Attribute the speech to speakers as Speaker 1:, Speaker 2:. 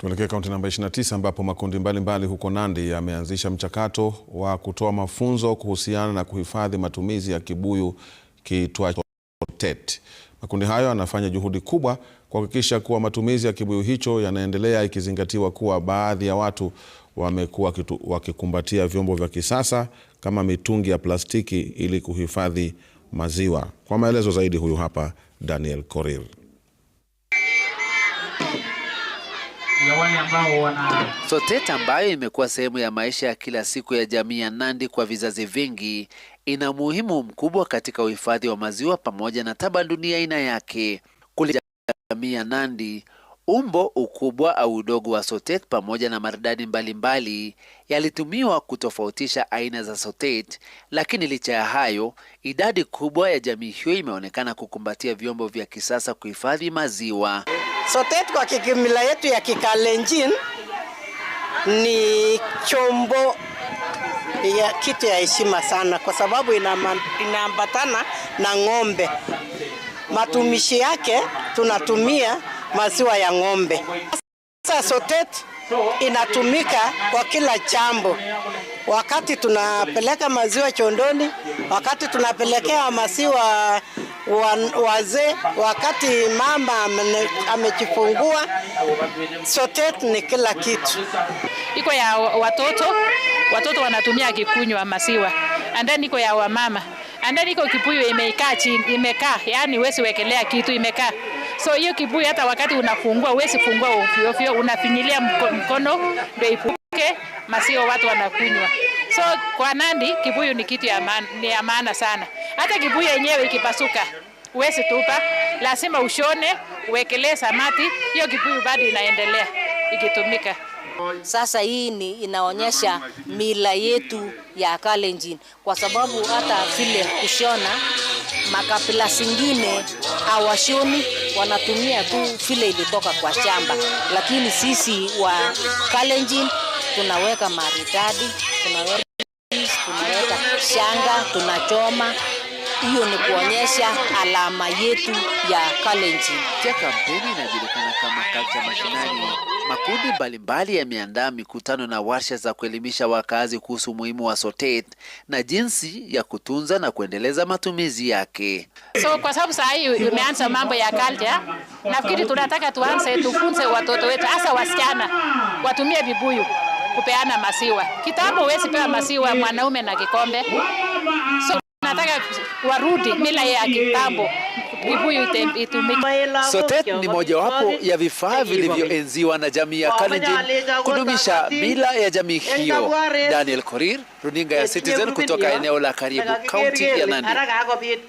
Speaker 1: Tuelekee kaunti namba 29 ambapo makundi mbalimbali mbali huko Nandi yameanzisha mchakato wa kutoa mafunzo kuhusiana na kuhifadhi matumizi ya kibuyu kiitwacho TET. Makundi hayo yanafanya juhudi kubwa kuhakikisha kuwa matumizi ya kibuyu hicho yanaendelea, ikizingatiwa kuwa baadhi ya watu wamekuwa wakikumbatia vyombo vya kisasa kama mitungi ya plastiki ili kuhifadhi maziwa. Kwa maelezo zaidi, huyu hapa Daniel Korir.
Speaker 2: ya wale ambao wana ambayo imekuwa sehemu ya maisha ya kila siku ya jamii ya Nandi kwa vizazi vingi, ina muhimu mkubwa katika uhifadhi wa maziwa pamoja na tamaduni ya aina yake. Kule jamii ya Nandi, umbo, ukubwa au udogo wa sotet pamoja na maridadi mbalimbali yalitumiwa kutofautisha aina za sotet, lakini licha ya hayo, idadi kubwa ya jamii hiyo imeonekana kukumbatia vyombo vya kisasa kuhifadhi maziwa.
Speaker 3: Sotet kwa kikimila yetu ya Kikalenjin ni chombo ya kitu ya heshima sana, kwa sababu inaambatana na ng'ombe. Matumishi yake tunatumia maziwa ya ng'ombe. Sasa sotet inatumika kwa kila jambo, wakati tunapeleka maziwa chondoni, wakati tunapelekea maziwa wazee, wakati mama amejifungua. sote ni kila kitu,
Speaker 4: iko ya watoto, watoto wanatumia kikunywa masiwa, and then iko ya wamama, and then iko kibuyu imekaa chini, imekaa yani wesi wekelea kitu imekaa So hiyo kibuyu hata wakati unafungua uwezi fungua ovyo ovyo, unafinyilia mkono ndio ipuke, masio watu wanakunywa. So kwa Nandi kibuyu ni kitu ya maana, ni ya maana sana. Hata kibuyu yenyewe ikipasuka uwezi tupa, lazima ushone, uwekelee samati, hiyo kibuyu bado inaendelea ikitumika.
Speaker 5: Sasa hii ni inaonyesha mila yetu ya Kalenjin, kwa sababu hata vile kushona makabila zingine hawashoni, wanatumia tu vile ilitoka kwa shamba, lakini sisi wa Kalenjin tunaweka maridadi tunaweka shanga, tunachoma. Hiyo ni kuonyesha alama yetu ya Kalenji.
Speaker 2: Pia kampeni inajulikana kama Culture Mashinani. Makundi mbalimbali yameandaa mikutano na warsha za kuelimisha wakazi kuhusu umuhimu wa SOTET na jinsi ya kutunza na kuendeleza matumizi yake.
Speaker 4: So kwa sababu saa hii imeanza mambo ya culture, nafikiri tunataka tuanze tufunze watoto wetu, hasa wasichana watumie vibuyu kupeana masiwa. Kitambo huwezi pewa maziwa mwanaume na kikombe, so nataka warudi mila ya kitambo.
Speaker 2: Sotet ni mojawapo ya vifaa vilivyoenziwa na jamii ya Kalenjin kudumisha mila ya jamii hiyo. Daniel Korir, runinga ya Citizen kutoka eneo la Karibu, kaunti ya Nandi.